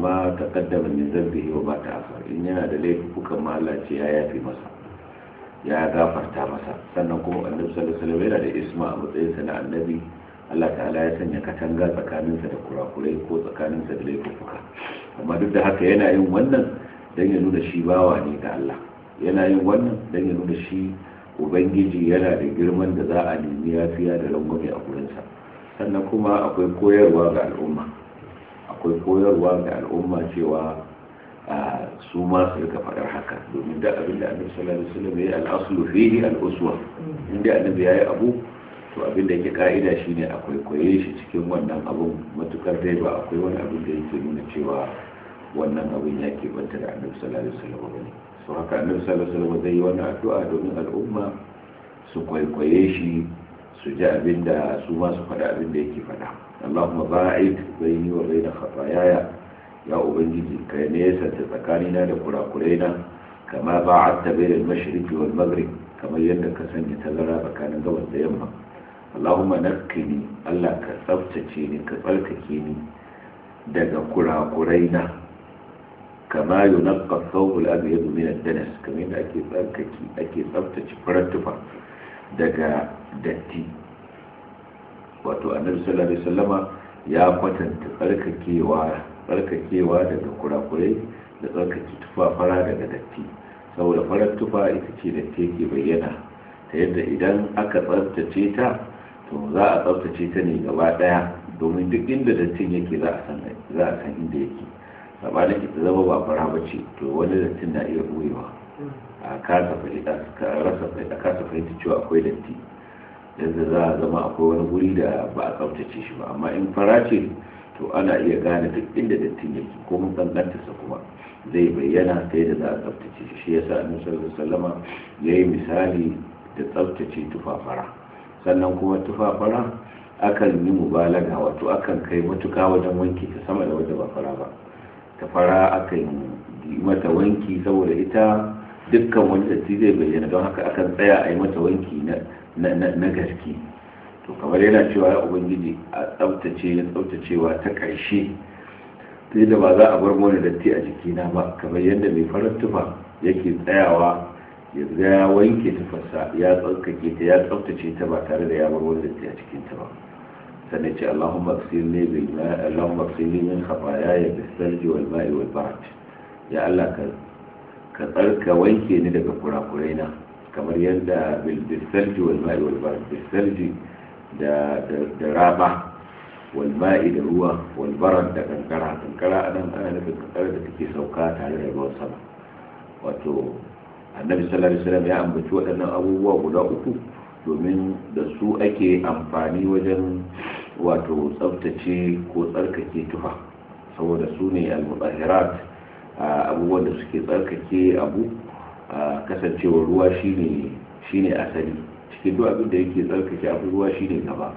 ma taqaddama min dhanbihi wa ta ta'akhkhara in yana da laifukan ma ce ya yafi masa ya gafarta masa sannan kuma annabi sallallahu alaihi wasallam yana da isma a matsayin sa na annabi Allah ta'ala ya sanya katanga tsakaninsa da kurakurai ko tsakaninsa da laifuka amma duk da haka yana yin wannan dan ya nuna shi bawa ne ga Allah yana yin wannan dan ya nuna shi ubangiji yana da girman da za a nemi yafiya da rangwame a gurinsa sannan kuma akwai koyarwa ga al'umma akwai koyarwa ga al'umma cewa su ma su rika faɗar haka domin da abin da annabi sallallahu alaihi wasallam ya yi al'aslu fihi al'uswa inda annabi yayi abu to abin da yake ka'ida shine akwai kwaikwaye shi cikin wannan abun matukar dai ba akwai wani abin da yake nuna cewa wannan abin ya ke banta da annabi sallallahu alaihi wasallam bane so haka annabi sallallahu alaihi wasallam zai yi wani addu'a domin al'umma su kwaikwaye shi su ji abin da su ma su faɗa abin da yake faɗa Allahumma ba'id baini wa baina khataayaaya ya ubangiji kai ne ya sace tsakani na da kurakurai na kama ba'at tabir al-mashriq wal kamar yadda ka sanya tazara tsakanin gabas da yamma Allahumma nakkini Allah ka tsaftace ni ka tsarkake ni daga kurakurai na kama yunqa thawb al-abyad min ad-dunas kamar yadda ake tsarkake ake tsaftace furatufa daga datti wato annabi sallallahu alaihi wasallama ya kwatanta tsarkakewa tsarkakewa daga kurakurai da tsarkake tufa fara daga datti saboda farar tufa ita ce da take bayyana ta yadda idan aka tsaftace ta to za a tsaftace ta ne gaba daya domin duk inda dattin yake za a san inda yake da ita zama ba fara ba ce to wani dattin na iya buwewa a kasa fahimta cewa akwai datti yanzu za a zama akwai wani wuri da ba a tsaftace shi ba amma in fara ce to ana iya gane duk inda dattin yake ko mun sa kuma zai bayyana ta yadda za a tsaftace shi shi yasa annabi sallallahu alaihi wasallama yi misali da tsaftace tufafara sannan kuma tufafara akan yi mubalaga wato akan kai matuka wajen wanki ta sama da wadda ba fara ba ta fara akan yi mata wanki saboda ita dukkan wani datti zai bayyana don haka akan tsaya a yi mata wanki na gaske to kamar yana cewa ya ubangiji a tsabtace ya tsabtacewa ta ƙarshe sai da ba za a bar wani datti a jikina ba kamar yadda mai farar tufa yake tsayawa ya ya wanke tufarsa ya tsarkake ta ya tsabtace ta ba tare da ya bar wani datti a cikinta ba sannan ce Allahumma aghsilni bil ma'i Allahumma aghsilni min khataayaya bis wal ma'i wal ya Allah ka ka tsarka wanke ni daga kurakurai na kamar yadda bilsalji wal ma'i wal da da raba wal ma'i da ruwa wal da kankara kankara nan ana nufin kankara da take sauka tare da ruwan sama wato annabi sallallahu alaihi wasallam ya ambaci waɗannan abubuwa guda uku domin da su ake amfani wajen wato tsaftace ko tsarkake tufa saboda su ne al mutahhirat abubuwan da suke tsarkake abu kasancewar ruwa shine asali cikin duk abin da yake tsarkake abu ruwa shine gaba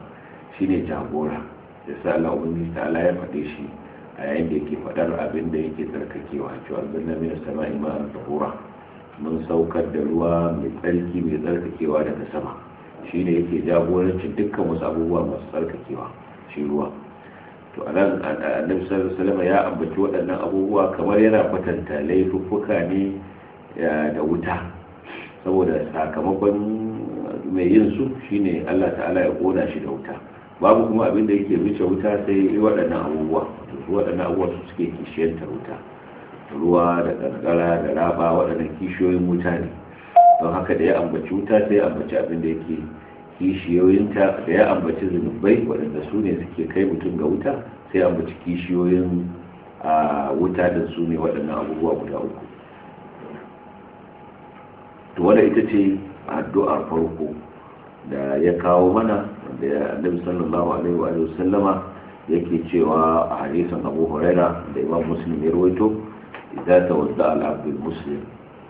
shine jagora da sa Allah ubangiji ta Allah ya faɗe shi a yayin da yake faɗar abin da yake tsarkakewa cewa albanna sama ima ma'an tahura mun saukar da ruwa mai tsarki mai tsarkakewa daga sama shine yake jagorancin dukkan wasu abubuwa masu tsarkakewa shi ruwa to anan annabi sallallahu alaihi ya ambaci waɗannan abubuwa kamar yana kwatanta laifuffuka ne da wuta saboda sakamakon mai yin su shine Allah ta'ala ya kona shi da wuta babu kuma abin da yake wuce wuta sai waɗannan abubuwa to su waɗannan abubuwa su suke kishiyantar wuta ruwa da kankara da raba waɗannan kishiyoyin wuta ne don haka da ya ambaci wuta sai ya ambaci abin da yake kishiyoyinta da ya ambaci zunubai waɗanda su ne suke kai mutum ga wuta sai ambaci kishiyoyin a wuta da su ne waɗannan abubuwa guda uku to wadda ita ce addu'ar farko da ya kawo mana da ya annabi sallallahu alaihi wa sallama yake cewa a hadisin abu huraira da imam muslim ya rawaito idan ta al-abdul muslim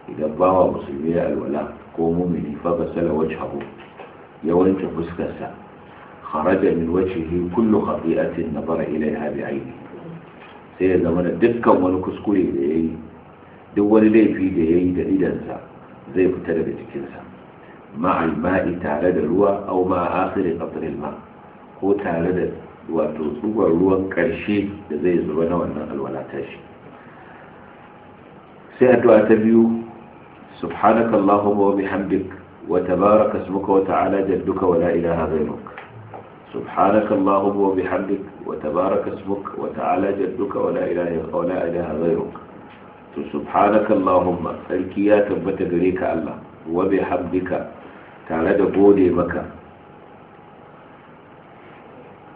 idan bawa musulmi ya alwala ko mumini fa gasala wajhahu ya wanke fuskarsa kharaja min wajhihi kullu khati'atin nazara ilaiha bi aini sai ya zama dukkan wani kuskure da yayi duk wani laifi da yayi da idansa zai fita daga jikinsa ma'al ma'i tare da ruwa aw ma akhir qatril ma ko tare da wato tsugar ruwan karshe da zai zuba na wannan alwala shi. sai addu'a ta biyu subhanakallahumma wa bihamdika وتبارك اسمك وتعالى جدك ولا إله غيرك سبحانك اللهم وبحمدك وتبارك اسمك وتعالى جدك ولا إله, ولا إله غيرك سبحانك اللهم تركيا تبت غريك الله وبحمدك تعالى دقودي مكة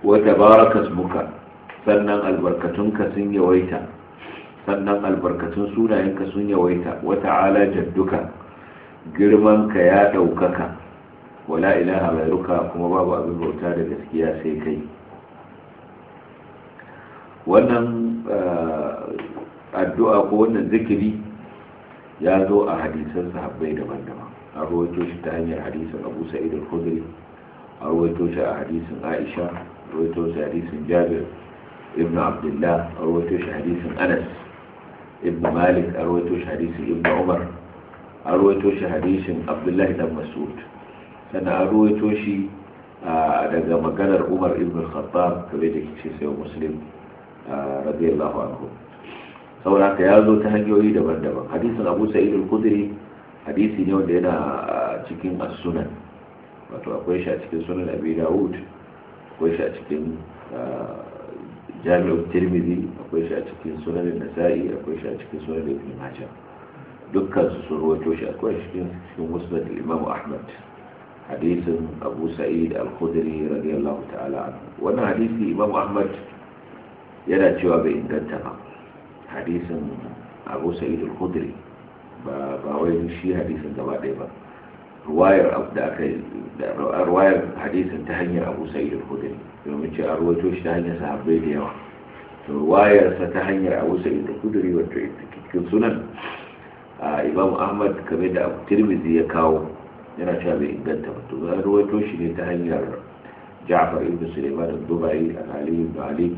وتبارك اسمك sannan albarkatunka sun yawaita sannan albarkatun sunayenka sun yawaita wata ala jadduka girman ka ya ɗaukaka wala ilaha ruka kuma babu abin bauta da gaskiya sai kai wannan eh, addu'a ko wannan zikiri ya zo a hadisan sahabbai daban-daban a rawaito shi ta hanyar hadisin abu sa'id al-khudri a rawaito shi a hadisin aisha a rawaito shi hadisin jabir ibn abdullah a rawaito shi hadisin anas ibn malik a rawaito shi hadisin ibn umar a ruwaito shi hadisin abdullahi dan mas'ud sannan a ruwaito shi daga maganar umar ibn khattab kamar da kice sai muslim radiyallahu anhu saboda ka ya zo ta hanyoyi daban-daban hadisin abu sa'id al-khudri hadisi ne wanda yana cikin as-sunan wato akwai shi a cikin sunan abi daud akwai shi a cikin jami'ar tirmidhi akwai shi a cikin sunan nasa'i akwai shi a cikin sunan ibn majah dukkan su sun ruwaito shi akwai cikin cikin musnad imam ahmad hadisin abu sa'id al-khudri radiyallahu ta'ala wannan hadisi imam ahmad yana cewa bai inganta ba hadisin abu sa'id al-khudri ba ba wai shi hadisin gaba ɗaya ba ruwayar da aka ruwayar hadisin ta hanyar abu sa'id al-khudri domin cewa ruwaito shi ta hanyar sahabbai da yawa ruwayarsa ta hanyar abu sa'id al-khudri wato cikin sunan a imam ahmad kame da tirmidhi ya kawo yana sha bai inganta ba to zai rawaito shi ne ta hanyar ja'far ibn sulaiman ad-dubai al-ali ibn ali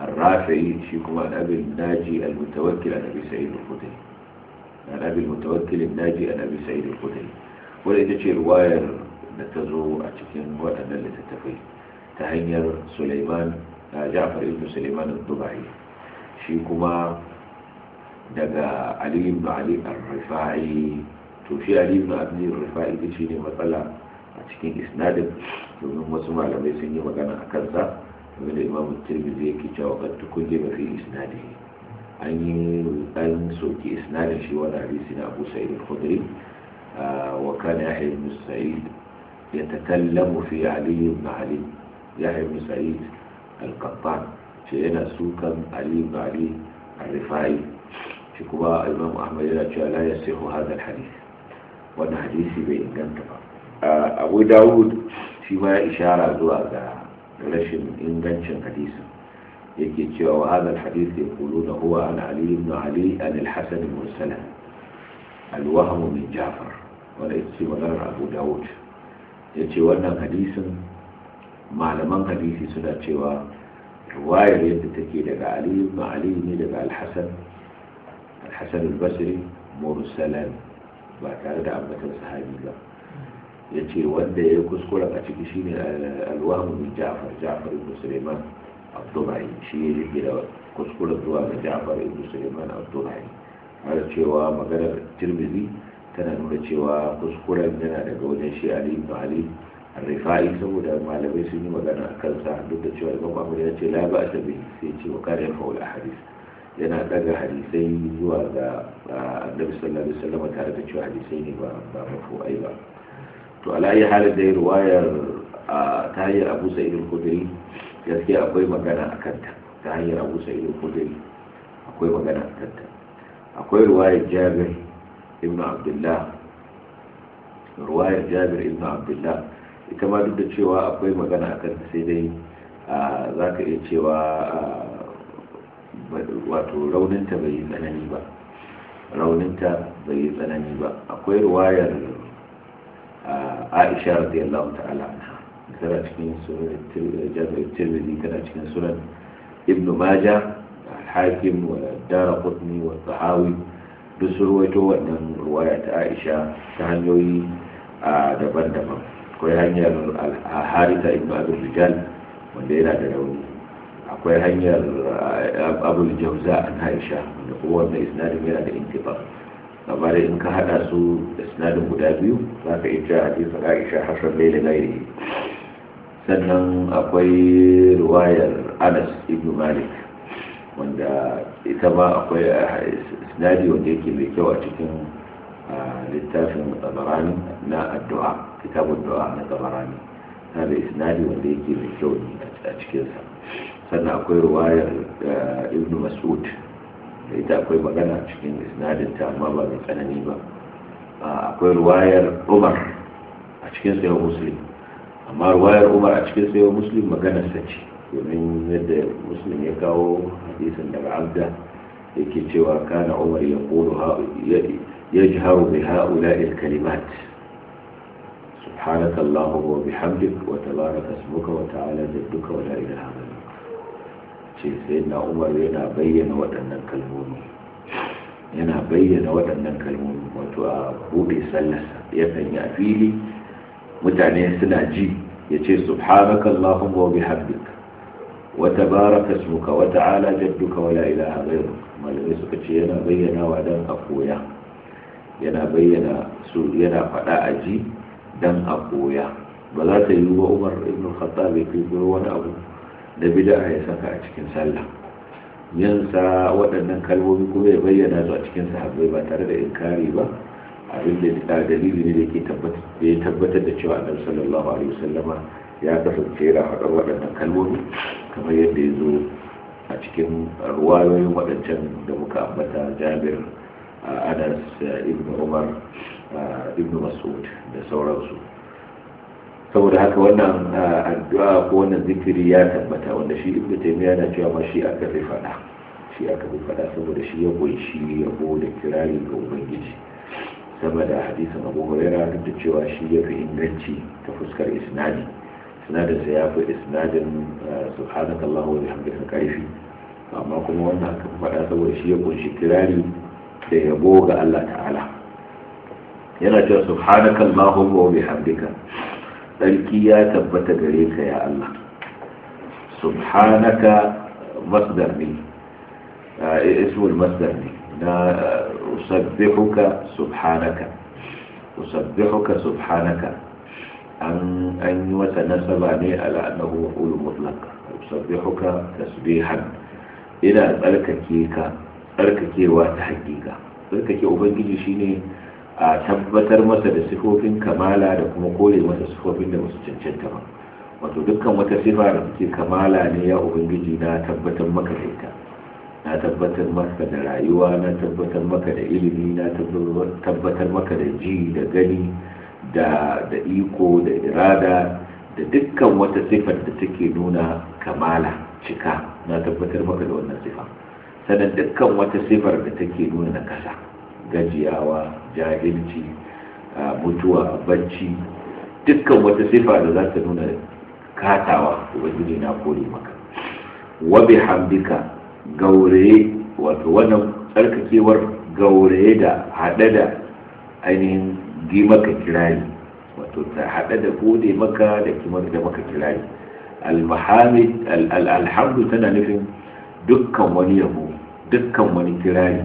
ar-rafi shi kuma da abin naji al-mutawakkil an abi sa'id al-khudri al-mutawakkil an naji an abi sa'id al-khudri wanda ita ce riwayar da ta zo a cikin waɗannan littattafai ta hanyar sulaiman ja'far ibn sulaiman ad-dubai shi kuma daga Aliyu ibn ali ar-rifa'i to shi Aliyu ibn ali ar-rifa'i shi ne matsala a cikin isnadin domin wasu malamai sun yi magana a kansa game da imamu tirmidhi yake cewa kad tukulli ba fi isnadi an yi an soke isnadin shi wani hadisi na abu sa'id al-khudri wa kana yahya ibn sa'id yatakallamu fi ali ibn ali yahya ibn sa'id al-qattan yana sukan ali ibn ali rifai shi kuma imam ahmad yana cewa la yasihu hadha alhadith wannan hadisi bai inganta ba abu dawud shi ma ya ishara zuwa ga rashin ingancin hadisin yake cewa wa hadisi alhadith yaquluna huwa an ali ibn ali an alhasan mursala alwahm min jafar wala yace maganar abu dawud yace wannan hadisin malaman hadisi suna cewa riwayar yadda take daga ali ibn ali ne daga alhasan Hassan al-basri mursalan ba tare da ambatan sahabi ba ya ce wanda ya kuskura a ciki shine eh, alwamu min ja'far ja'far ibn sulaiman abdullahi shi ya jirgira kuskura zuwa ga ja'far ibn sulaiman abdullahi har cewa maganar tirmidhi tana nuna cewa kuskuren yana daga wajen shi ali ibn ali rifai saboda malamai sun yi magana a kansa duk da cewa imam ahmad ya ce la ba ta bi sai ce wa kare fa'ul ahadith yana daga hadisai zuwa ga annabi sallallahu alaihi wasallam tare da cewa hadisai ne ba ba ai ba to ala ayi halin da riwayar ta hanyar Abu Sa'id al-Khudri gaskiya akwai magana akan ta ta hanyar Abu Sa'id al-Khudri akwai magana akan ta akwai riwayar Jabir ibn Abdullah riwayar Jabir ibn Abdullah ita ma duk da cewa akwai magana akan ta sai dai za ka iya cewa wato rauninta bai yi tsanani ba rauninta bai yi tsanani ba akwai ruwayar aisha radiyallahu ta'ala anha tana cikin sunan tirmidhi tana cikin sunan ibnu maja al-hakim wa dara qutni wa tsahawi duk sun ruwaito wannan ruwaya ta aisha ta hanyoyi daban-daban akwai hanyar al-harita ibn abu rijal wanda yana da rauni akwai hanyar eh, abul jauza an haisha da kowanne isnadin yana da intiba amma da in ka hada su da isnadin guda biyu za ka iya hadisin aisha hasan laila gairi sannan akwai ruwayar anas ibn malik wanda ita ma akwai eh, isnadi wanda yake mai kyau a cikin eh, littafin tabarani na addu'a kitabun du'a na tabarani wanda mai kyau وليكي من كون أتشكيلها سنة أقول Ibn Mas'ud da ita akwai magana cikin isnadin ta amma ba mai tsanani ba ah, akwai ruwayar umar a cikin sayo muslim amma ruwayar umar a cikin sayo muslim magana sa ce domin yadda muslim ya kawo hadisin daga abda yake cewa kana umar ya kulu ya jihar bi ha'ula kalimat سبحانك اللهم وبحمدك وتبارك اسمك وتعالى جدك ولا إله غيرك ce sayyidina umar yana bayyana waɗannan kalmomi yana bayyana waɗannan kalmomi wato a buɗe sallarsa yakan a fili mutane suna ji ya ce subhanaka allahumma wa bihamdik wa tabaraka wa ta'ala jadduka wa la ilaha malamai suka ce yana bayyana wa dan a koya yana bayyana su yana faɗa a ji dan a ba za ta yi ba umar ibn khattab ya fi wani abu da bid'a ya saka a cikin sallah yansa sa waɗannan kalmomi kuma ya bayyana su a cikin sahabbai ba tare da inkari ba abin da dalili ne da ke ya tabbatar da cewa annabi sallallahu alaihi wasallama ya kasance yana faɗar waɗannan kalmomi kamar yadda ya zo a cikin ruwayoyin waɗancan da muka ambata jabir anas ibn umar ibn mas'ud da sauransu saboda haka wannan addu'a ko wannan zikiri ya tabbata wanda shi ibn taymiya na cewa ma shi aka fi fada shi aka fi fada saboda shi ya kunshi yabo da kirari ga ubangiji da hadisin abu huraira duk da cewa shi ya fi inganci ta fuskar isnadi isnadin sa ya fi isnadin subhanakallahu wa bihamdika kaifi amma kuma wannan aka fi fada saboda shi ya kunshi kirari da yabo ga Allah ta'ala yana cewa subhanaka allahumma wa bihamdika tsarki ya tabbata gare ka ya Allah subhanaka masdar ne eh, ismul masdar ne na eh, usabbihuka subhanaka usabbihuka subhanaka an an yi wata nasaba ne ala annahu maf'ul mutlaq usabbihuka tasbihan ina tsarkake ka tsarkakewa ta hakika tsarkake ubangiji shine a tabbatar masa da sifofin kamala da kuma kore masa sifofin da masu cancanta ba wato dukkan wata sifa da suke kamala ne ya ubangiji na tabbatar maka da ita na tabbatar maka da rayuwa na tabbatar maka da ilimi na tabbatar maka da ji da gani da iko da irada da dukkan wata sifar da take nuna kamala cika na tabbatar maka da wannan sifa sannan dukkan wata sifar da take nuna na kasa. gajiyawa jahilci mutuwa bacci dukkan wata sifa da za ta nuna katawa ubangiji na kore maka wa hamdika gauraye wato wannan tsarkakewar gauraye da haɗe da ainihin gi maka kirari wato ta haɗe da gode maka da kimar da maka kirari alhamdu tana nufin dukkan wani yabo dukkan wani kirari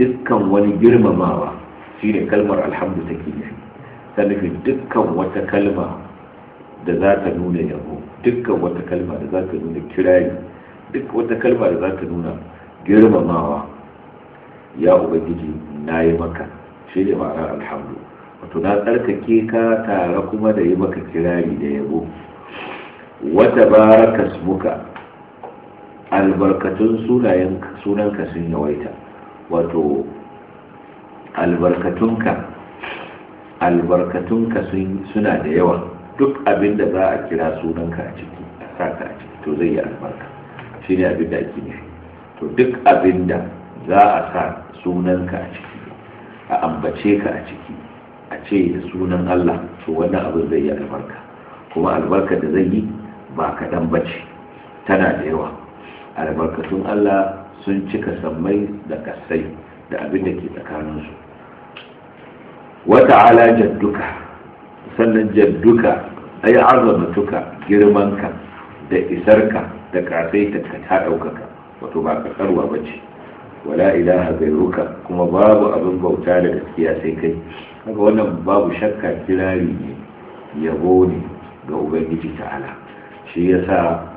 dukkan wani girmamawa shi ne kalmar alhamdu take nufi ta nufi dukkan wata kalma da za ta nuna yabo dukkan wata kalma da za ta nuna duk wata kalma da za ta nuna girmamawa ya ubangiji na yi maka shi ne ma'anar alhamdu wato na tsarkake ka tare kuma da yi maka kirari da yabo wata baraka muka albarkatun sunanka sun yawaita wato albarkatunka albarkatunka suna da yawa duk abin da za a kira sunanka a ciki a saka a ciki to zai yi albarka shi ne abin da ake nufi to duk abin da za a sa sunanka a ciki a ambace ka a ciki a ce da sunan Allah to wani abin zai yi albarka kuma albarka da zai yi ba kaɗan ba ce tana da yawa albarkatun Allah sun cika sammai da kasai da abin da ke tsakaninsu wata ala jadduka sannan jadduka ai azamatuka girmanka da isarka da kasai ta ta ɗaukaka wato ba ƙasarwa ba ce wala ilaha gairuka kuma babu abin bauta da gaskiya sai kai haka wannan babu shakka kirari ne yabo ne ga ubangiji ta'ala shi yasa